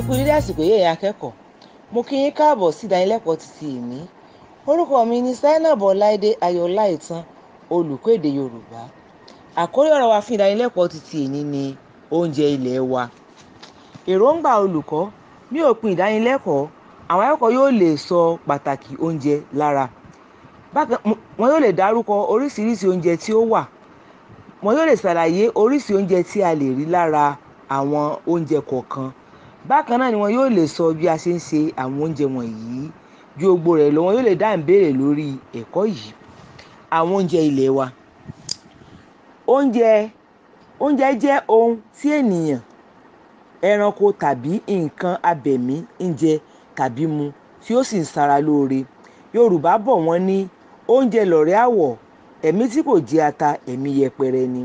ẹ kú dédé àsìkò yẹ̀yẹ́ akẹ́kọ̀ọ́ mo kí yín káàbọ̀ sí ìdánilẹ́kọ̀ọ́ títí èmi orúkọ mi ni Zainab Ọláìdé Ayọ̀ọ́lá Ìtàn Yorùbá àkórí ọ̀rọ̀ wa fún ìdánilẹ́kọ̀ọ́ títí èmi ni oúnjẹ ilé wa èròǹgbà olùkọ́ ní òpin ìdánilẹ́kọ̀ọ́ àwọn akẹ́kọ̀ọ́ yóò lè sọ pàtàkì oúnjẹ lára bákan wọn yóò lè dárúkọ oríṣiríṣi oúnjẹ tí ó wà wọn yóò lè ṣàlàyé oríṣi oúnjẹ tí a lè rí lára àwọn oúnjẹ kọ̀ọ̀kan bákan náà ni wọn yóò lè sọ bí a ṣe ń ṣe àwọn oúnjẹ wọ̀nyí ju gbogbo rẹ̀ lọ wọn yóò lè dá ìbéèrè lórí ẹ̀kọ́ yìí àwọn oúnjẹ ilé wa oúnjẹ oúnjẹ jẹ́ ohun tí ènìyàn ẹranko tàbí nǹkan abẹ̀mí ń jẹ tàbí mu tí ó sì ń ṣara lóore yorùbá bọ̀ wọ́n ní oúnjẹ lọ̀rẹ́ àwọ̀ ẹ̀mí tí kò jẹ ata ẹ̀mí yẹpẹrẹ ni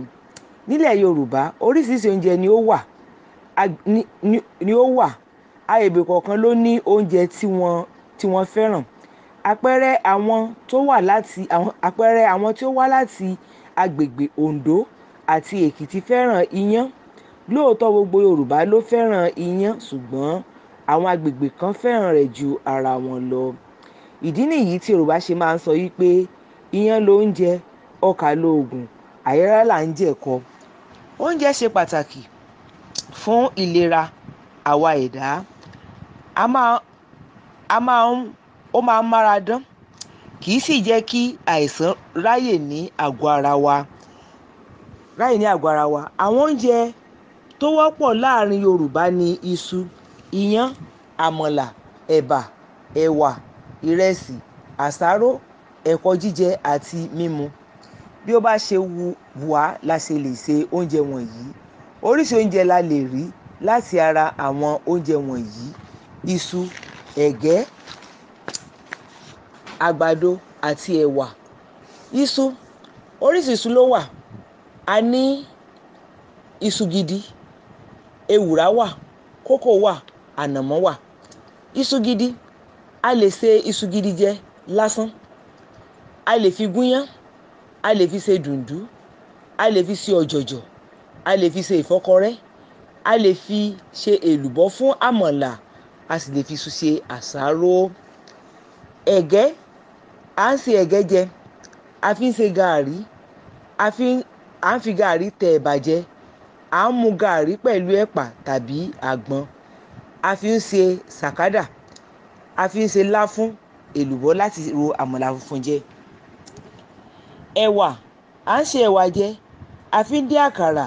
nílẹ̀ yorùbá oríṣiríṣi oúnjẹ ni ó wà ni ó wà agbègbè kọ̀ọ̀kan ló ní oúnjẹ tí wọ́n tí wọ́n fẹ́ràn àpẹẹrẹ àwọn tó wà láti àwọn àpẹẹrẹ àwọn tí ó wá láti agbègbè Oǹdó àti Èkìtì fẹ́ràn iyán lóòótọ́ gbogbo Yorùbá ló fẹ́ràn iyán ṣùgbọ́n àwọn agbègbè kan fẹ́ràn rẹ̀ ju ara wọn lọ ìdí nìyí tí Yorùbá ṣe máa ń sọ wípé iyán lóúnjẹ ọkà lóògùn àyẹ́rá là ń jẹ̀kọ oúnjẹ ṣe pàtàkì fún ìlera àwa ẹ̀dá a máa a máa ń ó máa ń mára dán kì í sì jẹ́ kí àìsàn ráyè ní àgọ́ ara wa ráyè ní àgọ́ ara wa àwọn oúnjẹ tó wọ́pọ̀ láàrin Yorùbá ni iṣu iyán àmàlà ẹ̀bà ẹ̀wà ìrẹsì àsáró ẹ̀kọ jíjẹ àti mímu bí ó bá ṣe wù wá la ṣe lè se oúnjẹ wọ̀nyí oríṣi oúnjẹ la lè rí láti ara àwọn oúnjẹ wọ̀nyí iṣu ẹ̀gẹ́ àgbàdo àti ẹ̀wà iṣu oríṣi iṣu ló wà a ní iṣu gidi ewùrà wà kókò wà ànàmọ́ wà iṣu gidi a lè ṣe iṣu gidi jẹ lásán a lè fi gúnyán a lè fi ṣe dùndú a lè fi ṣe ọ̀jọ̀jọ̀ a lè fi ṣe ìfọ́kọrẹ́ a lè fi ṣe èlùbọ́ fún àmọ̀là a sì lè fi ṣe àsáró ẹ̀gẹ́ à ń ṣe ẹ̀gẹ́ jẹ a fi ń ṣe gàárì a fi à ń fi gàárì tẹ ẹ̀bà jẹ à ń mu gàárì pẹ̀lú ẹ̀pà tàbí àgbọn a fi ń ṣe sàkádà a fi ń ṣe láfún èlùbọ́ láti ro àmọ̀là funfun jẹ ẹ̀wà à ń ṣe ẹ̀wà jẹ a fi ń dín àkàrà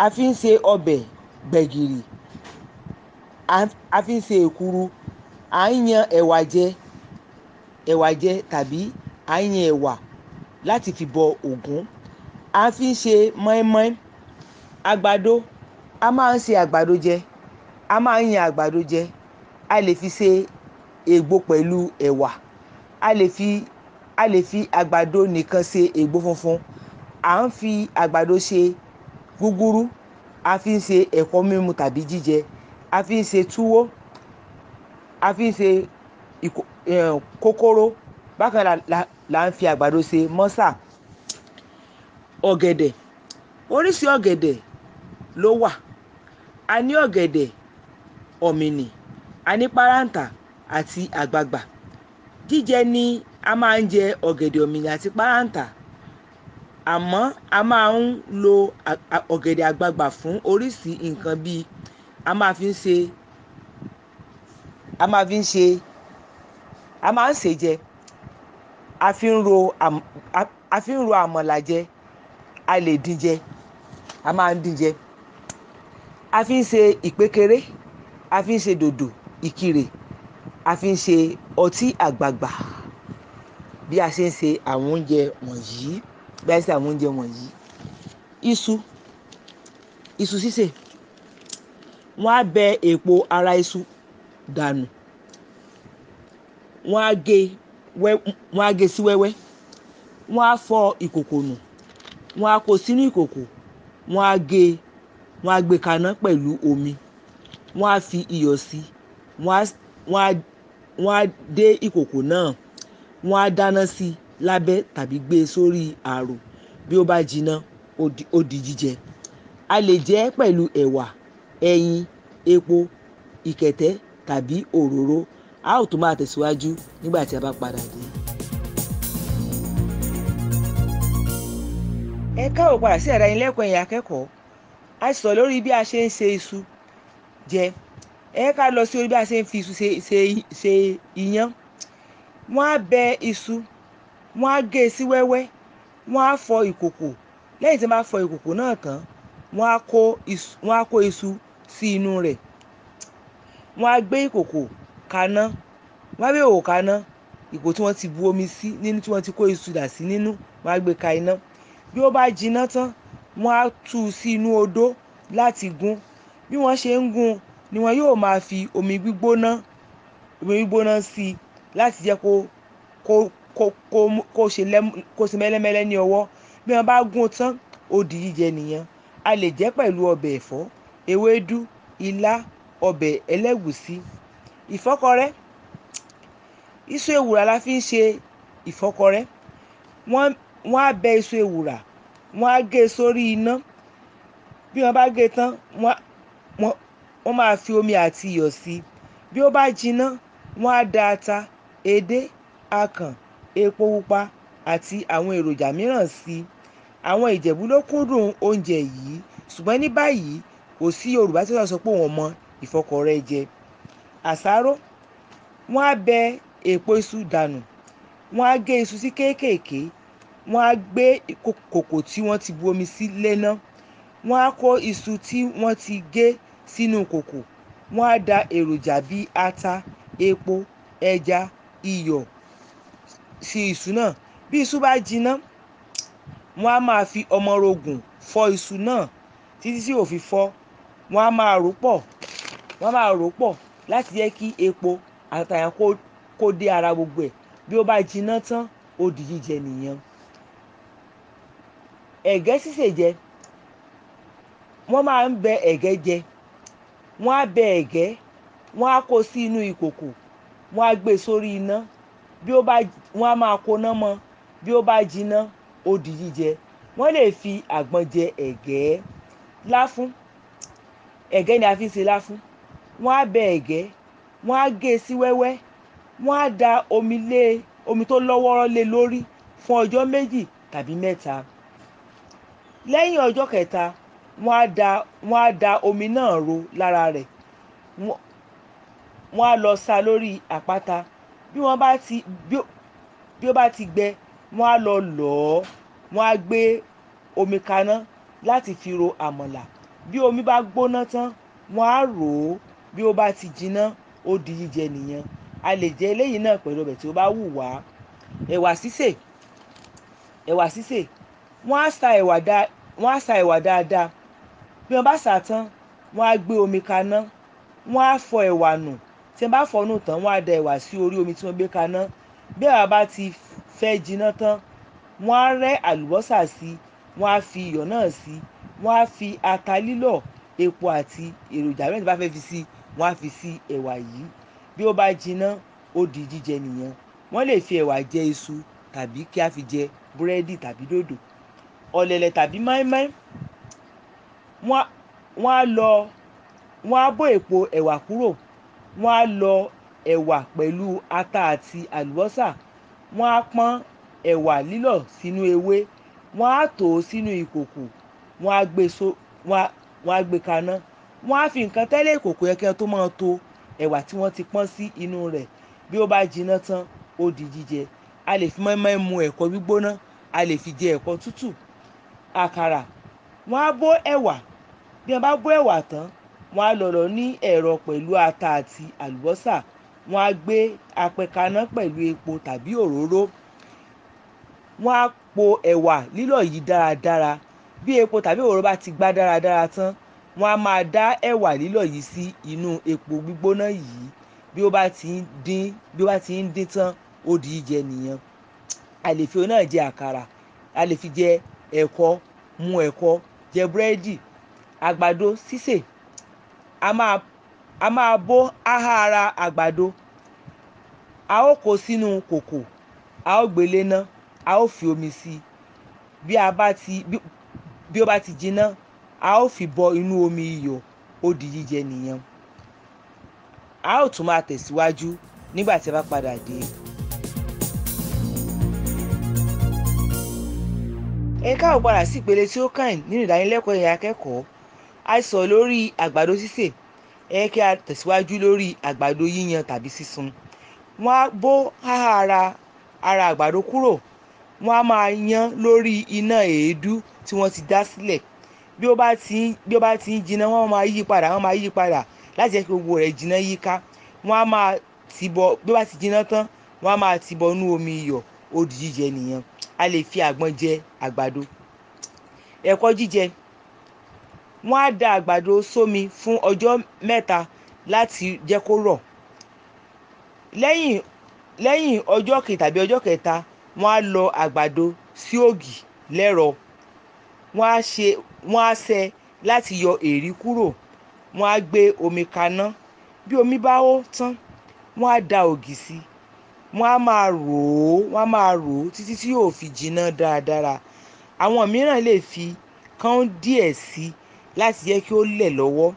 a fi ń ṣe ọbẹ̀ gbẹ̀gìrì a fi ń ṣe èkuru à ń yan ẹ̀wà jẹ ẹ̀wà jẹ tàbí à ń yan ẹ̀wà láti fi bọ Ògún a fi ń ṣe mọ́ínmọ́ín àgbàdo a máa ń ṣe àgbàdo jẹ a máa ń yan àgbàdo jẹ a lè fi ṣe ègbò pẹ̀lú ẹ̀wà a lè fi a lè fi àgbàdo nìkan ṣe ègbò funfun à ń fi àgbàdo ṣe gúgúrú a fi ń ṣe ẹ̀kọ mímu tàbí jíjẹ a fi ń ṣe túwó a fi ń ṣe kókóró bákan là ń fi àgbàdo ṣe mọ́sà ọ̀gẹ̀dẹ̀ oríṣi ọ̀gẹ̀dẹ̀ ló wà a ní ọ̀gẹ̀dẹ̀ ọ̀mìnì a ní páráǹtà àti àgbagbà jíjẹ ni a máa ń jẹ ọ̀gẹ̀dẹ̀ ọ̀mìnì àti páráǹtà àmọ́ a máa ń lo ọ̀gẹ̀dẹ̀ àgbagbà fún oríṣìí nǹkan bíi a máa fi ń ṣe a máa fi ń ṣe a máa ń sè a fi ń ro a fi ń ro àmàlà jẹ a lè dín jẹ a máa ń dín jẹ a fi ń ṣe ìpékeré a fi ń ṣe dòdò ìkirè a fi ń ṣe ọtí àgbagbà bí a ṣe ń ṣe àwọn oúnjẹ wọ̀nyí bí a ṣe àwọn oúnjẹ wọ̀nyí iṣu iṣu sísè wọ́n á bẹ èèpo ara iṣu dànù wọ́n á gé wọ́n á gé sí wẹ́wẹ́ wọ́n á fọ ìkòkò nù wọ́n á kó sínú ìkòkò wọ́n á gé wọ́n á gbé kaná pẹ̀lú omi wọ́n á fi iyọ̀ sí wọ́n á wọ́n á dé ìkòkò náà wọ́n á dáná sí i lábẹ́ tàbí gbé e sórí ààrò bí ó bá jiná ó di jíjẹ a lè jẹ ẹ́ pẹ̀lú ẹ̀wà ẹyin epo ìkẹ̀tẹ́ tàbí òróró a ó tún máa tẹ̀síwájú nígbà tí a bá padà dé. ẹ káàbọ̀ padà sí àdánilẹ́kọ̀ọ́ ẹ̀yin akẹ́kọ̀ọ́ a ti sọ lórí bí a ṣe ń ṣe iṣu jẹ ẹ ká lọ sí orí bí a ṣe ń fi iṣu ṣe iyán wọ́n á bẹ iṣu wọ́n á gé e sí wẹ́wẹ́ wọ́n á fọ ìkòkò lẹ́yìn tí wọ́n bá fọ ìkòkò náà tán wọ́n á kó iṣu wọ́n á kó iṣu sí inú rẹ̀ wọ́n á gbé ìkòkò kaná wọ́n á gbé ìkòkò kaná ìkòkò tí wọ́n ti bu omi sí nínú tí wọ́n ti kó iṣu dà sí nínú wọ́n á gbé ka iná bí ó bá jiná tán wọ́n á tú sí inú odó láti gún bí wọ́n ṣe ń gún ni wọn yóò máa fi omi gbígbóná omi gbígbóná sí i láti jẹ́ kó kó kó ṣe mẹ́lẹ́mẹ́lẹ́ ní ọwọ́ bí wọ́n bá gún tán ó di jíjẹ nìyẹn a lè jẹ́ pẹ̀lú ọbẹ̀ ẹ̀fọ́ ewédú ilá ọbẹ̀ ẹlẹ́gùsí ìfọ́kọrẹ́ iṣu ewùrà la fi ń ṣe ìfọ́kọrẹ́ wọ́n á bẹ iṣu ewùrà wọ́n á gé e sórí iná bí wọ́n bá gé e tán wọ́n máa fi omi àti iyọ̀ sí bí ó bá jiná wọ́n á da ata edé akàn epo pupa àti àwọn èròjà mìíràn sí i àwọn ìjẹ̀bù ló kúndùn oúnjẹ yìí ṣùgbọ́n ní báyìí kò sí yorùbá tí wọ́n sọ pé wọ́n mọ ìfọkọrẹ jẹ àsáró wọ́n á bẹ èèpo iṣu dànù wọ́n á gé iṣu sí kéékèèké wọ́n á gbé kòkò tí wọ́n ti bu omi sí léná wọ́n á kó iṣu tí wọ́n ti gé sínú kòkò wọ́n á da èròjà bíi ata epo ẹja iyọ̀ sí iṣu náà bí iṣu bá jiná wọ́n á máa fi ọmọ rogùn fọ́ iṣu náà títí tí ò fi fọ́ wọ́n á máa rò pọ̀ wọ́n á máa rò pọ̀ láti jẹ́ kí epo àtàyà kó dé ara gbogbo ẹ̀ bí ó bá jiná tán ó di jíjẹ nìyẹn ẹ̀gẹ́ sísè jẹ wọ́n máa ń bẹ ẹ̀gẹ́ jẹ wọ́n á bẹ ẹ̀gẹ́ wọ́n á kó sí inú ìkòkò wọ́n á gbé e sórí iná bí ó bá wọ́n á máa koná mọ́ bí ó bá jiná ó jíjẹ wọ́n lè fi àgbọn jẹ ẹ̀gẹ́ láfún ẹ̀gẹ́ ni a fi ń ṣe láfún wọ́n á bẹ ẹ̀gẹ́ wọ́n á gé e sí wẹ́wẹ́ wọ́n á da omi lé omi tó lọ́wọ́rọ́ lé lórí fún ọjọ́ méjì tàbí mẹ́ta lẹ́yìn ọjọ́ kẹta wọ́n á da wọ́n á da omi náà ro lára rẹ̀ wọ́n á lọ sa lórí àpáta bí wọ́n bá ti bí ó bá ti gbẹ wọ́n á lọ lọ̀ ọ́ wọ́n á gbé omi kaná láti fi ro àmàlà bí omi bá gbóná tán wọ́n á rò ó bí ó bá ti jiná ó di jíjẹ nìyẹn a lè jẹ eléyìí náà pẹ̀lú ọbẹ̀ tí ó bá wù wá ẹ̀wà sísè ẹ̀wà sísè wọ́n á sa ẹ̀wà dáadáa bí wọ́n bá sà tán wọ́n á gbé omi kaná wọ́n á fọ ẹ̀wà nù tí n bá fọnú tán wọ́n á da ẹ̀wà sí orí omi tí wọ́n gbé kaná bí ẹ̀wà bá ti fẹ́ jiná tán wọ́n á rẹ́ àlùbọ́sà sí wọ́n á fi iyọ̀ náà sí wọ́n á fi ata lílọ̀ epo àti èròjà mẹ́rin tí bá fẹ́ fi sí wọ́n á fi sí ẹ̀wà yìí bí ó bá jiná ó di jíjẹ nìyẹn wọ́n lè fi ẹ̀wà jẹ iṣu tàbí kí a fi jẹ búrẹ́dì tàbí dòdò ọ̀lẹ̀lẹ̀ tàbí máínmáín wọ́n á lọ wọ́n á bó èpo ẹ̀wà kúrò wọ́n á lọ ẹ̀wà pẹ̀lú ata àti àlùbọ́sà wọ́n á pọ́n ẹ̀wà lílọ̀ sínú ewé wọ́n á tò ó sínú ìkòkò wọ́n á gbé so wọ́n á gbé kaná wọ́n á fi nǹkan tẹ́lẹ̀ ìkòkò yẹn kí wọ́n tó máa tò ẹ̀wà tí wọ́n ti pọ́n sí inú rẹ̀ bí ó bá jiná tán ó di jíjẹ a lè fi mọ́ínmọ́ín mu ẹ̀kọ́ gbígbóná a lè fi jẹ ẹ̀kọ́ tútù àkàrà wọ́n á bó ẹ̀wà bí wọ́n bá bó ẹ̀wà tán wọ́n á lọ̀lọ̀ ní ẹ̀rọ pẹ̀lú ata àti àlùbọ́sà wọ́n á gbé apẹ̀kaná pẹ̀lú epo tàbí òróró wọ́n á po ẹ̀wà lílọ̀ yìí dáradára bí epo tàbí òróró bá ti gbá dáradára tán wọ́n á máa dá ẹ̀wà lílọ̀ yìí sí inú epo gbígbóná yìí bí ó bá ti ń dín bí ó bá ti ń dín tán ó di jíjẹ nìyẹn a lè fi òun náà jẹ àkàrà a lè fi jẹ ẹ̀kọ mu ẹ̀kọ jẹ búrẹ́dì àgbàdo sísè a máa bó háhá ara àgbàdo a ó kó sínú kòkò a ó gbé e léná a ó fi omi sí bí a bá ti bí ó bá ti jiná a ó fi bọ inú omi iyọ̀ ó di jíjẹ nìyẹn a ó tún máa tẹ̀síwájú nígbà tí a bá padà dé. ẹ káàbọ̀ padà sí ìpele tí ó kàn nínú ìdánilẹ́kọ̀ọ́ ẹ̀yà akẹ́kọ̀ọ́ a sọ̀rọ̀ lórí àgbàdo sísè ẹ kí a tẹ̀síwájú lórí àgbàdo yíyan tàbí sísun wọ́n á bó háhá ara ara àgbàdo kúrò wọ́n á máa yan lórí iná èédú tí wọ́n ti dá sílẹ̀ bí ó bá ti bí ó bá ti ń jiná wọ́n máa yí padà wọ́n máa yí padà láti jẹ́ kí gbogbo rẹ̀ jiná yíká wọ́n á máa ti bọ bí ó bá ti jiná tán wọ́n á máa ti bọ inú omi iyọ̀ ó di jíjẹ nìyẹn a lè fi àgbọn jẹ àgbàdo ẹ̀kọ́ jíjẹ wọ́n á da àgbàdo sómi fún ọjọ́ mẹ́ta láti jẹ́ kó rọ̀ lẹ́yìn lẹ́yìn ọjọ́ kejì tàbí ọjọ́ kẹta wọ́n á lọ àgbàdo sí ògì lẹ́rọ wọ́n á ṣe wọ́n á ṣe láti yọ èérí kúrò wọ́n á gbé omi kaná bí omi bá hó tán wọ́n á da ògì sí wọ́n á máa rò ó wọ́n á máa rò ó títí tí yóò fi jinná dáradára àwọn mìíràn lè fi kán díẹ̀ sí i láti jẹ́ kí ó lẹ̀ lọ́wọ́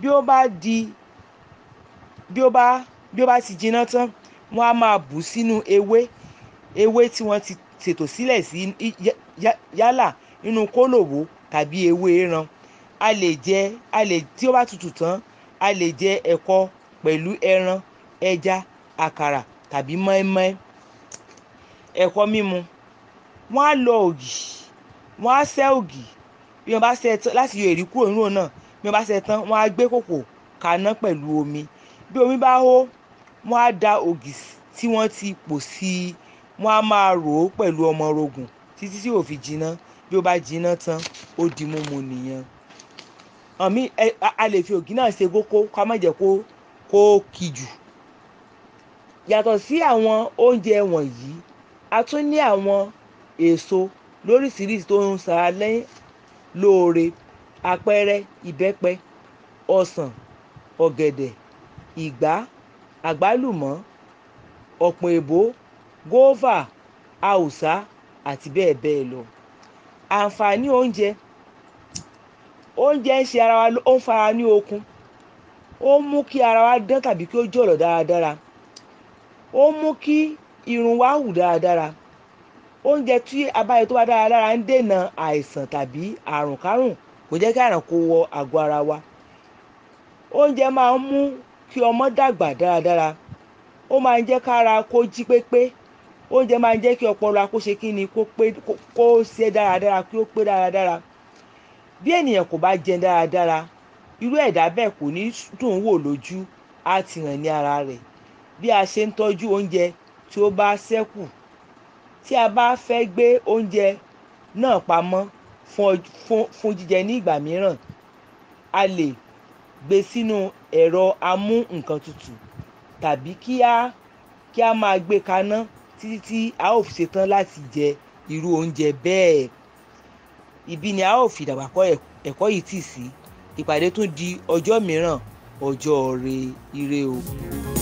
bí ó bá di bí ó bá bí ó bá ti jiná tán wọ́n á máa bù sínú ewé ewé tí wọ́n ti ṣètò sílẹ̀ sí yálà nínú kólòwó tàbí ewé ẹran a lè jẹ a lè tí ó bá tutù tán a lè jẹ ẹ̀kọ pẹ̀lú ẹran ẹja àkàrà tàbí mọ́ẹ́mọ́ẹ́ ẹ̀kọ mímu wọ́n á lọ ògì wọ́n á sẹ́ ògì bí wọ́n bá ṣe tán láti yọ èrí kúrò nínú náà bí wọ́n bá ṣe tán wọ́n á gbé kòkò kaná pẹ̀lú omi bí omi bá hó wọ́n á da ògì tí wọ́n ti pò sí i wọ́n á máa rò ó pẹ̀lú ọmọ rogùn títí tí ò fi jiná bí ó bá jiná tán ó di mímu nìyẹn àmì a lè fi ògì náà ṣe kókó ká má jẹ́ kó kó kì jù yàtọ̀ sí àwọn oúnjẹ wọ̀nyí a tún ní àwọn èso lóríṣiríṣi tó ń sara lẹ́yìn lóore àpẹẹrẹ ìbẹ́pẹ ọsàn ọ̀gẹ̀dẹ̀ ìgbá àgbálùmọ́ ọ̀pọ̀ èbó gófà haúsá àti bẹ́ẹ̀ bẹ́ẹ̀ lọ. àǹfààní oúnjẹ oúnjẹ ń ṣe ara wa ó ń fara ní okun ó ń mú kí ara wa dán tàbí kí ó jọ̀lọ̀ dáradára ó ń mú kí irun wa hù dáradára oúnjẹ tí abáyọ tó bá dára lára ń dènà àìsàn tàbí àrùn kárùn kò jẹ́ kí àrùn kó wọ àgọ́ ara wa oúnjẹ máa ń mú kí ọmọ dàgbà dáradára ó máa ń jẹ́ kára kó jí pépé oúnjẹ máa ń jẹ́ kí ọpọlọ akóṣe kí ni kó ṣe dáradára kí ó pé dáradára bí ènìyàn kò bá jẹun dáradára irú ẹ̀dá bẹ́ẹ̀ kò ní dùn wò lójú á ti hàn ní ara rẹ̀ bí a ṣe ń tọ́jú oúnjẹ tí ó bá ṣẹ́kù tí a bá fẹ́ gbé oúnjẹ náà pamọ́ fún jíjẹ ní ìgbà mìíràn a lè gbé sínú ẹ̀rọ amú nǹkan tutù tàbí kí a kí a máa gbé kaná títí tí a ó fi ṣetán láti jẹ irú oúnjẹ bẹ́ẹ̀ ibi ni a ó fi ìdàgbàkọ ẹ̀kọ́ yìí tì sí ìpàdé tún di ọjọ́ mìíràn ọjọ́ rẹ ire o.